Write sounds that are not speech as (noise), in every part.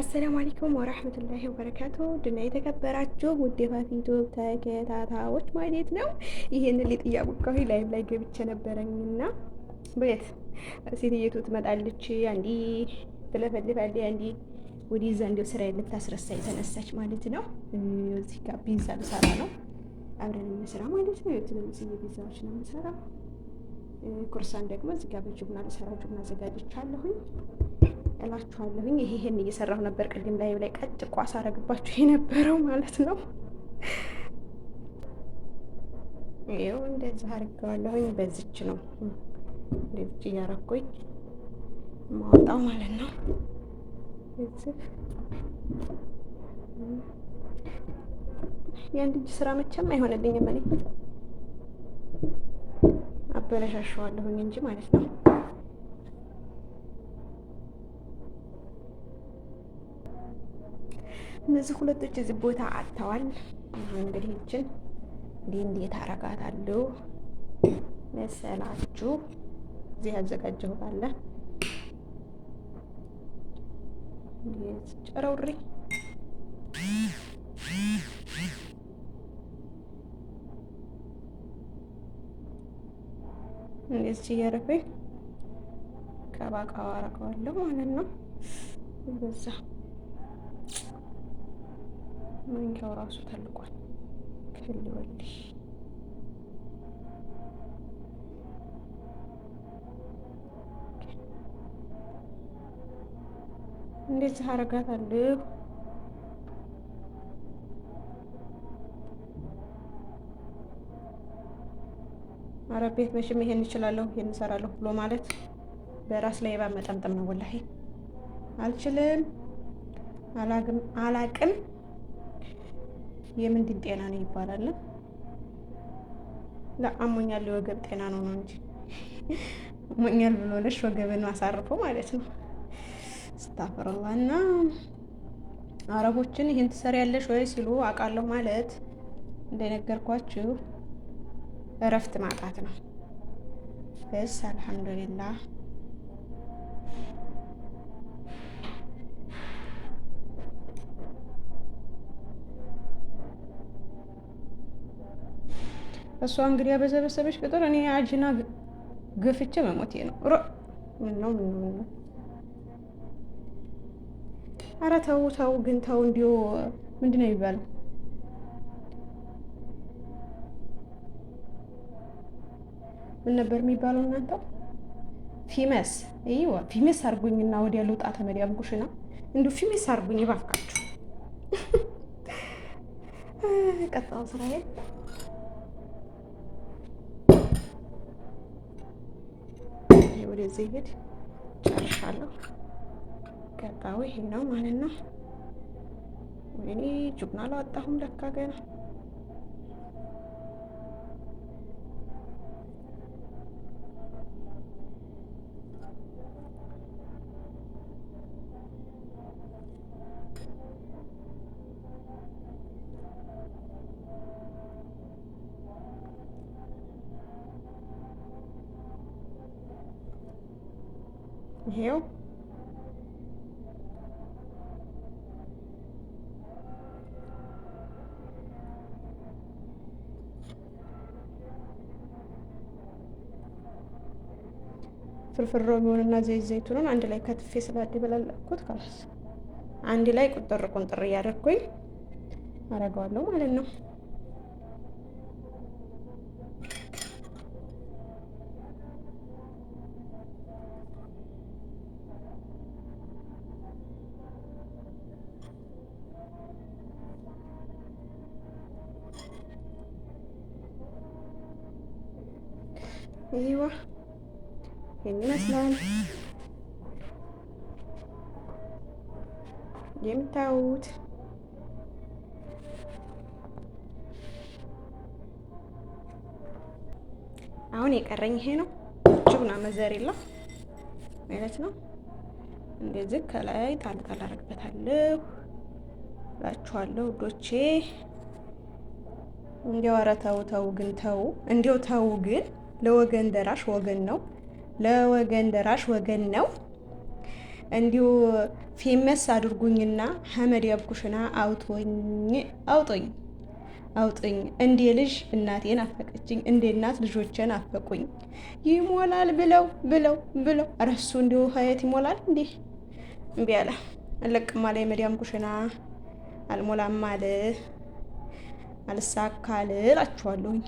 አሰላሙ አለይኩም ወራህመቱላሂ ወበረካቱ ድና የተከበራችሁ ውድ የፋፊ ዩቲዩብ ተከታታዮች ማለት ነው። ይሄንን ሊጥ እያቦካሁ ላይቭ ላይ ገብቼ ነበረኝና በየት ሴትየቱ ትመጣለች አንዲ ትለፈልፋለች አንዲ ወዲህ እዛ እንዲያው ስራ ልታስረሳ የተነሳች ማለት ነው። እዚህ ጋር ፒዛ ልሰራ ነው። አብረን እንስራ ማለት ነው። የትንንስ ፒዛዎች ነው የምሰራ። ኩርሳን ደግሞ እዚህ ጋር በጅቡና ልሰራ ጅቡና አዘጋጅቻለሁኝ። እላችኋለሁኝ። ይሄን እየሰራሁ ነበር ቅድም ላይ ላይ ቀጭ ኳስ አረግባችሁ የነበረው ማለት ነው። ይኸው እንደዚህ አርገዋለሁኝ። በዚች ነው እንደዚህ እያረኩኝ ማውጣው ማለት ነው። የአንድ እጅ ስራ መቼም አይሆንልኝም። እኔ አበለሻሸዋለሁኝ እንጂ ማለት ነው። እነዚህ ሁለቶች እዚህ ቦታ አጥተዋል። እንግዲህ ይችን እንዲህ እንዴት አረጋታለሁ መሰላችሁ? እዚህ ያዘጋጀሁታለ ጨረውሪ እንደዚህ እያደረኩኝ ከባቃ አረገዋለሁ ማለት ነው በዛ ማንኪያው ራሱ ተልቋል። ክፍል ሊወልሽ እንዴት አረጋታለሁ። አረ ቤት መቼም ይሄን እችላለሁ ይሄን እሰራለሁ ብሎ ማለት በራስ ላይ የባ መጠምጠም ነው። ወላሂ አልችልም፣ አላቅም የምንድን ጤና ነው ይባላል? አሞኛል የወገብ ጤና ነው ነው እንጂ አሞኛል ብሎ ለሽ ወገብን አሳርፎ ማለት ነው። ስታፈረላ እና አረቦችን ይህን ትሰሪያለሽ ወይ ሲሉ አውቃለሁ ማለት እንደነገርኳችሁ እረፍት ማጣት ነው። በስ አልሐምዱሊላህ እሷ እንግዲህ በሰበሰበች ቁጥር እኔ አጅና ገፍቼ መሞቴ ነው። ምነው ምነው ምነው፣ ኧረ ተው ተው፣ ግን ተው እንዲሁ ምንድን ነው የሚባለው? ምን ነበር የሚባለው እናንተ? ፊመስ ይዋ ፊመስ አርጉኝና ወዲያ ልውጣ ተመድ ኩሽና እንዲሁ ፊመስ አርጉኝ እባካችሁ። ቀጣው ስራዬ ወደዚህ ሂድ ጨርሻለሁ። ገባው ይሄ ነው ማለት ነው። ወይኔ ጁብና አላወጣሁም ለካ ገና ይሄው ፍርፍር ሮሚዮንና ዘይት ዘይቱንን አንድ ላይ ከትፌ ስላደበላለኩት ካላስ አንድ ላይ ቁጥር ቁንጥር እያደርኩኝ አደርገዋለሁ ማለት ነው። ይህዋ ይመስላል የምታዩት። አሁን የቀረኝ ይሄ ነው። ጅብና መዘሬላ ማለት ነው። እንደዚህ ከላይ ጣልጣል አደርግበታለሁ እላችኋለሁ ውዶቼ። እንዲያው ኧረ ተው ተው ግን ተው፣ እንዲያው ተው ግን ለወገን ደራሽ ወገን ነው። ለወገን ደራሽ ወገን ነው። እንዲሁ ፌመስ አድርጉኝና ሀመድ ያብኩሽና አውጦኝ አውጦኝ አውጥኝ እንዴ ልጅ እናቴን አፈቀችኝ፣ እንዴ እናት ልጆቼን አፈቁኝ። ይሞላል ብለው ብለው ብለው ረሱ እንዲሁ ሀየት ይሞላል እንዴ እምቢ አለ አለቅም አለ የመዲያም ኩሽና አልሞላም አለ አልሳካል እላችኋለሁኝ።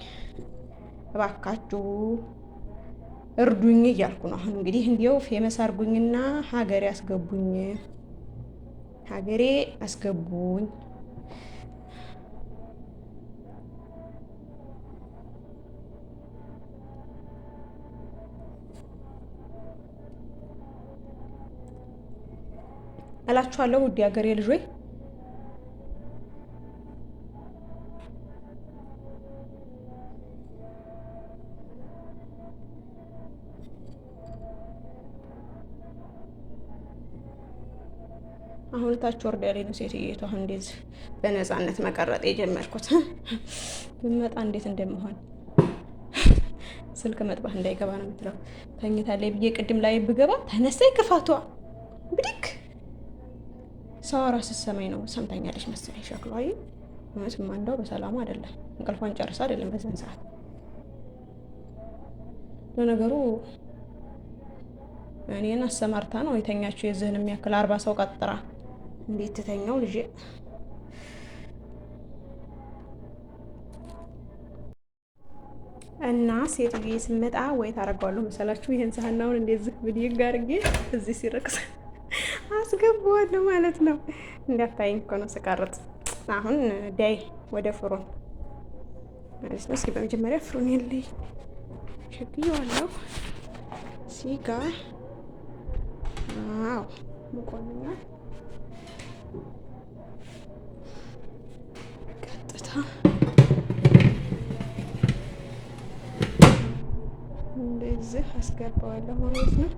እባካችሁ እርዱኝ እያልኩ ነው። አሁን እንግዲህ እንዲያው ፌመስ አርጉኝና ሀገሬ አስገቡኝ፣ ሀገሬ አስገቡኝ። እላችኋለሁ ውድ ሀገሬ ልጆች ታች ወርዳ ላይ ነው ሴትዮዋ እንዴት በነፃነት መቀረጥ የጀመርኩት። ብመጣ እንዴት እንደምሆን ስልክ መጥባት እንዳይገባ ነው የምትለው። ተኝታ ላይ ብዬ ቅድም ላይ ብገባ ተነሳይ ክፋቷ ብድክ ራስ ሰማይ ነው ሰምታኛለች መሰለኝ። ሸክሏ እውነትማ እንደው በሰላሙ አይደለም እንቅልፏን ጨርሳ አይደለም በዛን ሰዓት። ለነገሩ እኔን አሰማርታ ነው የተኛችው የዚህን የሚያክል አርባ ሰው ቀጥራ እንዴት ትተኛው ልጄ? እና ሴትዬ ስመጣ ወይ ታደርገዋለሁ መሰላችሁ? ይህን ሳህናውን እንደዚህ ብድግ አድርጌ እዚህ ሲረቅስ አስገባዋለሁ ማለት ነው። እንዳታይኝ እኮ ነው ስቀርጥ። አሁን ዳይ ወደ ፍሩን ማለት ነው። እስኪ በመጀመሪያ ፍሩን የለይ ሸግየዋለሁ። ሲጋ አዎ ሙቆንና እንደዚህ አስገባዋለሁ ማለት ነው።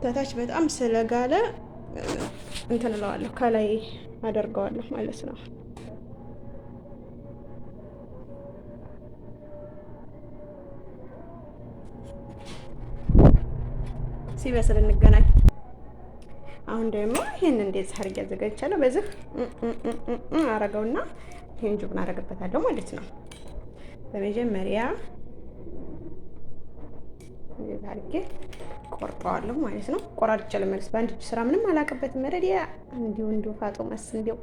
ከታች በጣም ስለጋለ እንትን እለዋለሁ ከላይ አደርገዋለሁ ማለት ነው። ሲበስል እንገናኝ። አሁን ደግሞ ይህን እንደዚህ አድርጌ አዘጋጅቻለሁ። በዚህ አረገውና ይህን ጁብን አረግበታለሁ ማለት ነው በመጀመሪያ እንደዛ አድርጌ ቆርጠዋለሁ ማለት ነው። ቆራርጬ ልመልስ። በአንድ እጅ ስራ ምንም አላውቅበትም። መረዲያ እንዲሁ እንዲሁ ፋጦ እንዲሁ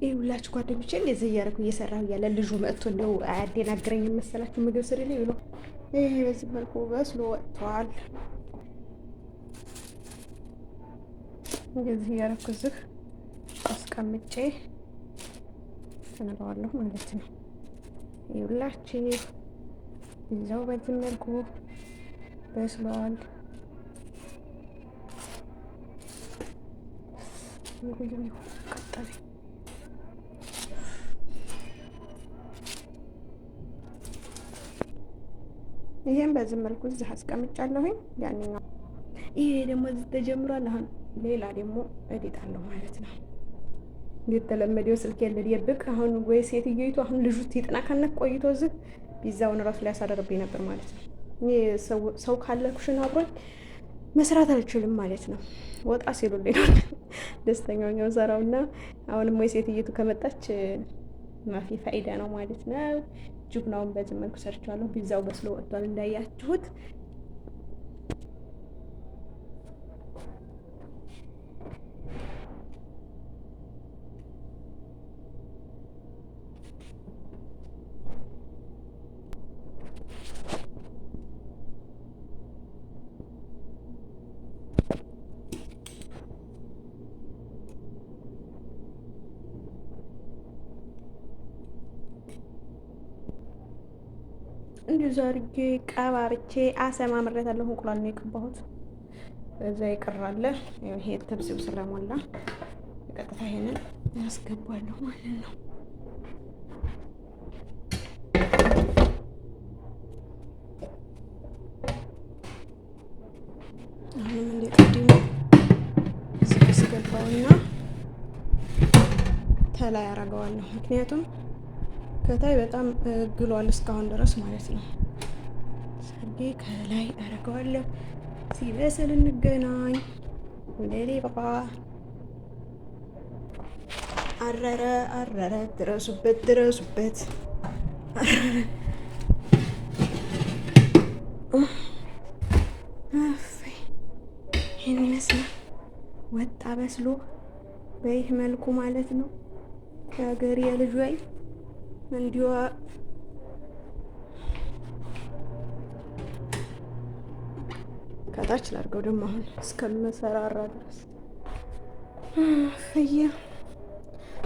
ይህ ሁላችሁ ጓደኞቼ እንደዚህ እያደረኩ እየሰራሁ እያለ ልጁ መጥቶ እንደው አያደናግረኝ መሰላችሁ። ምግብ ስሪ ብሎ ይህ በዚህ መልኩ በስሎ ወጥተዋል። እንደዚህ እያደረኩ እዚህ አስቀምጬ ተነለዋለሁ ማለት ነው ይሁላችሁ። እዛው በዚህ መልኩ በስሏል። ይህም በዚህ መልኩ እዚህ አስቀምጫለሁኝ። ያንኛው ይሄ ደግሞ እዚህ ተጀምሯል። አሁን ሌላ ደግሞ እዴጣለሁ ማለት ነው። የተለመደው ስልክ የለየብክ አሁን ወይ ሴትዮይቱ አሁን ልጁ ይጥና ቆይቶ እዚህ ቢዛውን ራሱ ላይ ያሳደርብኝ ነበር ማለት ነው። ሰው ካለ ኩሽን አብሮኝ መስራት አልችልም ማለት ነው። ወጣ ሲሉልኝ ነው (laughs) ኛው ሰራው እና አሁንም ወይ ሴትየቱ ከመጣች ማፊ ፋይዳ ነው ማለት ነው። ጁብናውን በዚህ መልኩ ሰርቸዋለሁ። ቢዛው በስሎ ወጥቷል እንዳያችሁት። እንዲሁ ዛርጌ ቀባብቼ አለሁ። እንቁላል ነው የቀባሁት። እዛ ይቀራለ። ይሄ ተብሲው ስለሞላ ቀጥታ ይሄንን ያስገባለሁ ማለት ነው። አሁንም እንደቀድሞ ቀድሞ ያስገባውና ተላይ አደርገዋለሁ ምክንያቱም ከታይ በጣም ግሏል እስካሁን ድረስ ማለት ነው። ሰርጌ ከላይ አደርገዋለሁ። ሲበስል እንገናኝ። ሌሌ ባባ አረረ አረረ። ድረሱበት ድረሱበት። ይህን ይመስላል ወጣ በስሎ በይህ መልኩ ማለት ነው። የሀገር የልጅ ወይ እንዲሁ ከታች ላድርገው ደግሞ አሁን እስከመሰራራ ድረስ ፈያ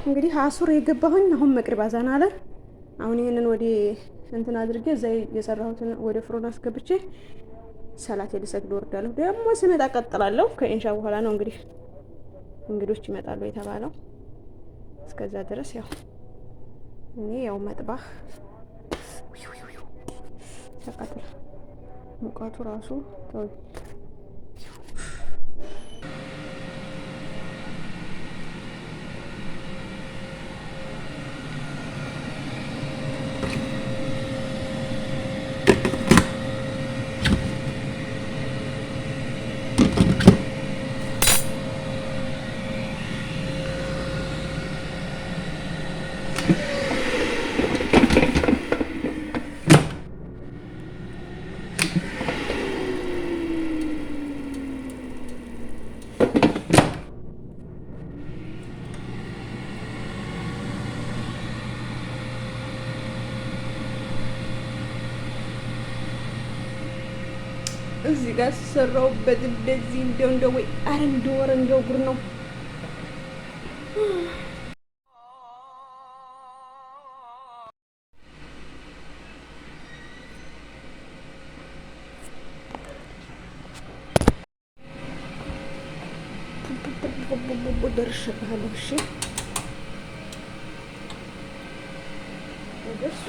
እንግዲህ አሱር የገባሁኝ አሁን መቅሪብ አዛን አለ። አሁን ይህንን ወደ እንትን አድርጌ እዛ የሰራሁትን ወደ ፍሮን አስገብቼ ሰላት የልሰግድ ወርዳለሁ። ደግሞ ስመጣ ቀጥላለሁ። ከኢንሻ በኋላ ነው እንግዲህ እንግዶች ይመጣሉ የተባለው። እስከዛ ድረስ ያው እኔ ያው መጥባህ ተቃጥል ሙቀቱ ራሱ የተሰራውበት እንደዚህ እንደው እንደው ወይ አረ እንደው ወረ እንደው ጉር ነው። ደርሼብሃለሁ። እሺ ደርሶ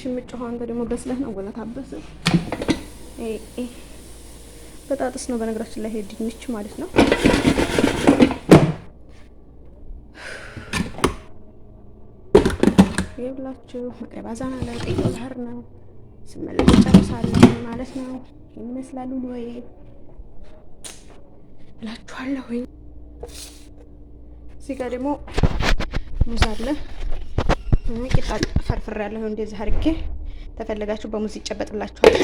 ሽምጭ አንተ ደግሞ በስለህ ነው ወላ ታበስ በጣጥስ ነው በነገራችን ላይ ሄድ ድንች ማለት ነው። ይብላችሁ መቀይ ባዛና ላይ ጥዩ ባህር ነው ስመለስ ጨርሳለሁ ማለት ነው። ይመስላሉ ወይ እላችኋለሁ። እዚህ ጋር ደግሞ ሙዝ አለ። ቂጣ ፈርፍሬያለሁ። እንደዚህ አድርጌ ተፈለጋችሁ በሙዝ ይጨበጥላችኋል።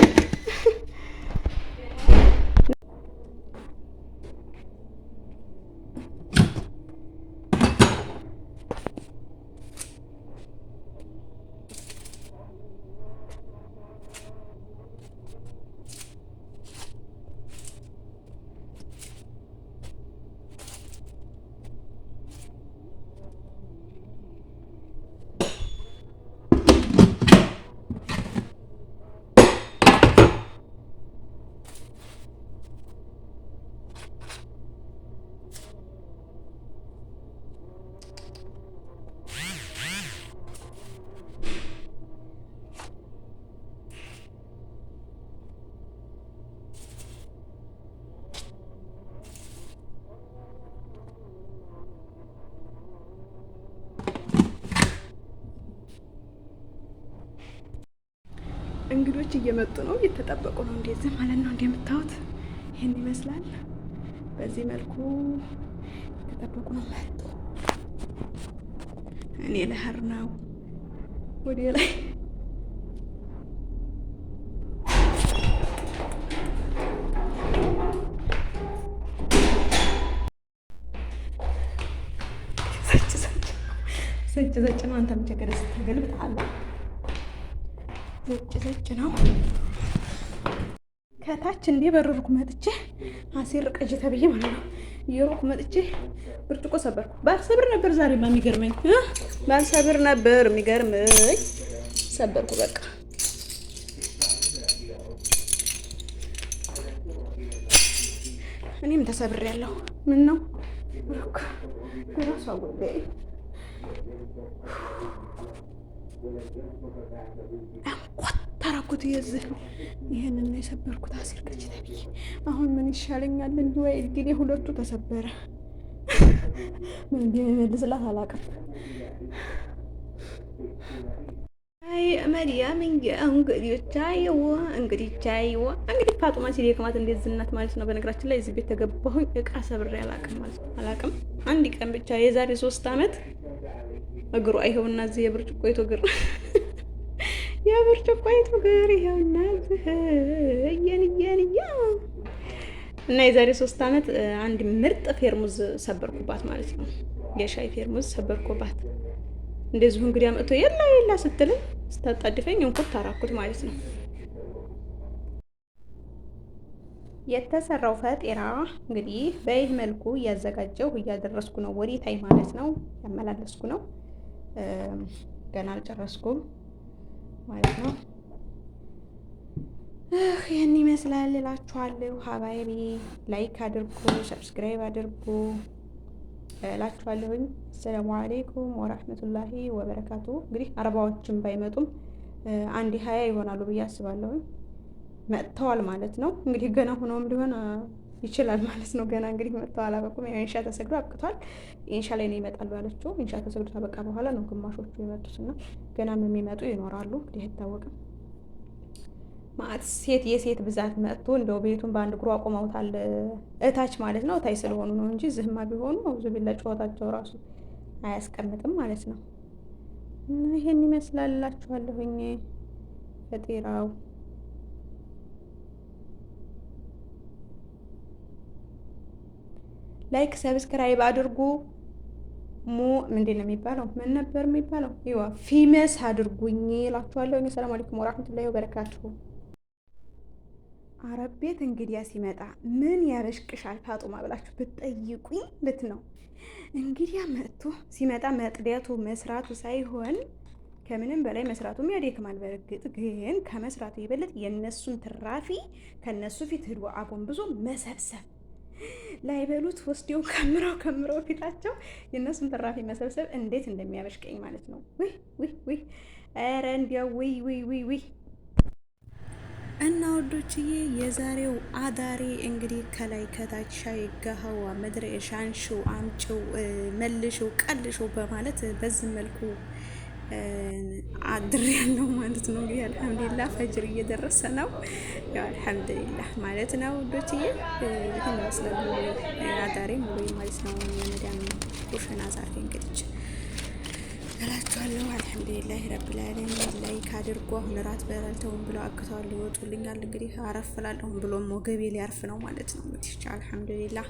እንግዶች እየመጡ ነው፣ እየተጠበቁ ነው። እንደዚህ ማለት ነው። እንደምታዩት ይህን ይመስላል። በዚህ መልኩ እየተጠበቁ ነው። መጡ። እኔ ለህር ነው ወደ ላይ ሰጭ ሰጭ ነው። አንተ ብቻ ገደስ ተገልብጥ አለ ውጭ ዝጭ ነው። ከታች እንዲህ በሩርኩ መጥቼ አሲር ቀጅ ተብዬ ማለት ነው። የሩቅ መጥቼ ብርጭቆ ሰበርኩ። ባልሰብር ነበር ዛሬ ማ የሚገርመኝ ባልሰብር ነበር የሚገርመኝ። ሰበርኩ በቃ እኔም ተሰብር ያለው ምን ነው ራሷ ጉዳይ ተራኩት የዚህ ነው የሰበርኩት አሲር ከች ተብዬ አሁን ምን ይሻለኛል? እንዲወይ እድል የሁለቱ ተሰበረ። ምን እንደሚመልስላት አላውቅም። አይ መድያም እንግዲቻይዎ እንግዲቻይዎ እንግዲህ ፋጡማ ሲል የክማት እንደዚህ እናት ማለት ነው። በነገራችን ላይ እዚህ ቤት ተገባሁኝ እቃ ሰብሬ አላውቅም ማለት ነው። አላውቅም አንድ ቀን ብቻ የዛሬ ሶስት አመት እግሩ አይኸውና እዚህ የብርጭቆ የቱ እግር (laughs) የብርጭቆ የቱ እግር ይኸውና እዚህ እየን እና የዛሬ ሶስት ዓመት አንድ ምርጥ ፌርሙዝ ሰበርኩባት ማለት ነው። የሻይ ፌርሙዝ ሰበርኩባት። እንደዚሁ እንግዲህ አመጥቶ የላ የላ ስትልኝ ስታጣድፈኝ እንኩት ታራኩት ማለት ነው። የተሰራው ፈጤራ እንግዲህ በይህ መልኩ እያዘጋጀው እያደረስኩ ነው። ወዴታይ ማለት ነው ያመላለስኩ ነው። ገና አልጨረስኩም ማለት ነው። ይህን ይመስላል እላችኋለሁ። ሀባይቢ ላይክ አድርጉ፣ ሰብስክራይብ አድርጉ እላችኋለሁኝ። አሰላሙ አሌይኩም ወራህመቱላሂ ወበረካቱ። እንግዲህ አርባዎችን ባይመጡም አንድ ሀያ ይሆናሉ ብዬ አስባለሁኝ። መጥተዋል ማለት ነው። እንግዲህ ገና ሆኖም ሊሆን ይችላል ማለት ነው። ገና እንግዲህ መጥተው አላበቁም። ኢንሻ ተሰግዶ አብቅቷል። ኢንሻ ላይ ነው ይመጣል ባለችው ኢንሻ ተሰግዶ ታበቃ በኋላ ነው ግማሾቹ የመጡትና ገናም የሚመጡ ይኖራሉ። እንግዲህ አይታወቅም። ማአት ሴት የሴት ብዛት መጥቶ እንደው ቤቱን በአንድ እግሩ አቆመውታል። እታች ማለት ነው እታይ ስለሆኑ ነው እንጂ ዝህማ ቢሆኑ ብዙ ቢላ ጨዋታቸው ራሱ አያስቀምጥም ማለት ነው። ይሄን ይመስላላችኋለሁኝ ፈጤራው ላይክ ሰብስክራይብ አድርጉ። ሙ ምንድን ነው የሚባለው? ምን ነበር የሚባለው? ይዋ ፊመስ አድርጉኝ እላችኋለሁ። ሰላም አለይኩም ወራህመቱላሂ ወበረካቱሁ። አረብ ቤት እንግዲያ ሲመጣ ምን ያበሽቅሻል ፋጡማ ብላችሁ ብትጠይቁኝ ልት ነው እንግዲያ መጥቶ ሲመጣ መጥደቱ መስራቱ ሳይሆን ከምንም በላይ መስራቱም ያደክማል። በእርግጥ ግን ከመስራቱ የበለጥ የእነሱን ትራፊ ከእነሱ ፊት ሂዶ አጎንብዞ መሰብሰብ ላይበሉት ወስደው ከምረው ከምረው ፊታቸው የእነሱን ትራፊ መሰብሰብ እንዴት እንደሚያበሽቀኝ ማለት ነው። ውይ ውይ ውይ! ኧረ እንዲያው ውይ ውይ ውይ ውይ! እና ወዶችዬ የዛሬው አዳሬ እንግዲህ ከላይ ከታች ሻይ ጋህዋ መድረሻ አንሺው፣ አምጪው፣ መልሽው፣ ቀልሽው በማለት በዚህ መልኩ አድር ያለው ማለት ነው። እንግዲህ አልሐምዱሊላ ፈጅር እየደረሰ ነው። ያው አልሐምዱሊላ ማለት ነው ዶችዬ ይህን ይመስላል አዳሬ ሙሉ ማለት ነው። የመዳም ኩሽና ዛሬ እንግዲህ እላችኋለሁ። አልሐምዱሊላ ረብላለን ላይ ካድርጎ አሁን እራት በላልተውን ብለው አግተዋል፣ ይወጡልኛል። እንግዲህ አረፍላለሁም ብሎም ወገቤ ሊያርፍ ነው ማለት ነው እንግዲህ አልሐምዱሊላ